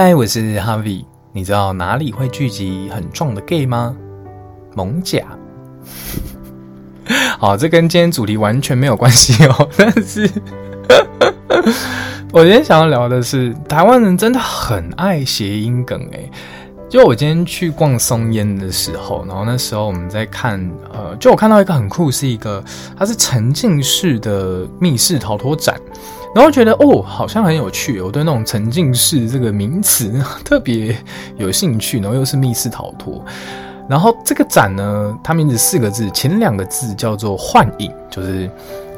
嗨，Hi, 我是 Harvie。你知道哪裡會聚集很壯的 gay 嗎？艋舺。 好，這跟今天主題完全沒有關係哦。但是， 我今天想要聊的是，台灣人真的很愛諧音梗哎、欸。就我今天去逛松煙的時候，然後那時候我們在看，呃，就我看到一個很酷，是一個它是沉浸式的密室逃脫展，然後覺得哦，好像很有趣。我對那種沉浸式這個名詞特別有興趣，然後又是密室逃脫，然後這個展呢，它名字四個字，前兩個字叫做幻影，就是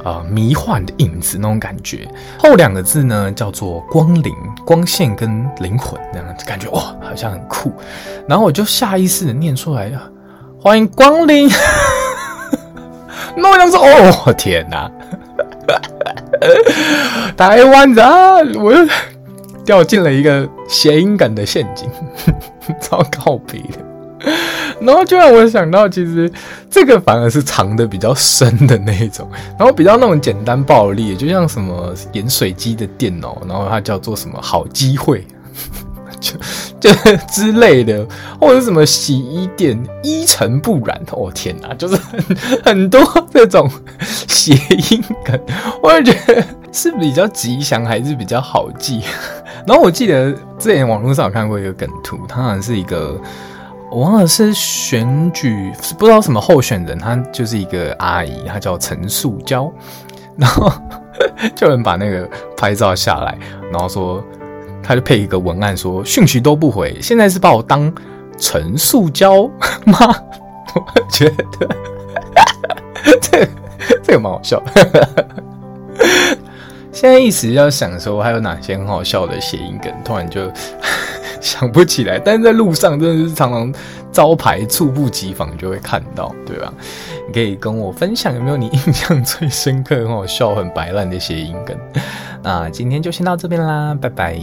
呃迷幻的影子那種感覺，後兩個字呢叫做光臨。光線跟靈魂這樣子，感覺哇、哦，好像很酷。然後我就下意識的念出來，歡迎光臨。那我想說，哦，天哪， 台灣人，啊，我又掉進了一個諧音梗的陷阱， 超靠北的。然後就讓我想到，其實這個反而是藏得比較深的那種，然後比較那種簡單暴力，就像什麼鹽水雞的電腦，然後它叫做什麼好機會就，就就之類的，或者是什麼洗衣店一塵不染，我、哦、天哪，就是很，很多那種諧音梗，我也覺得是比較吉祥還是比較好記。然後我記得之前網絡上有看過一個梗圖，它是一個。我忘了是選舉，不知道什麼候選人，他就是一個阿姨，她叫陳素嬌，然後叫人把那個拍照下來，然後說，他就配一個文案說，訊息都不回，現在是把我當陳素嬌嗎？我覺得這這個蠻好笑。現在一直要想說還有哪些很好笑的諧音梗，突然就。想不起來，但是在路上真的是常常招牌猝不及防，你就會看到，對吧？你可以跟我分享有沒有你印象最深刻、哦、很好笑、很白爛的諧音梗。那、呃、今天就先到這邊啦，拜拜。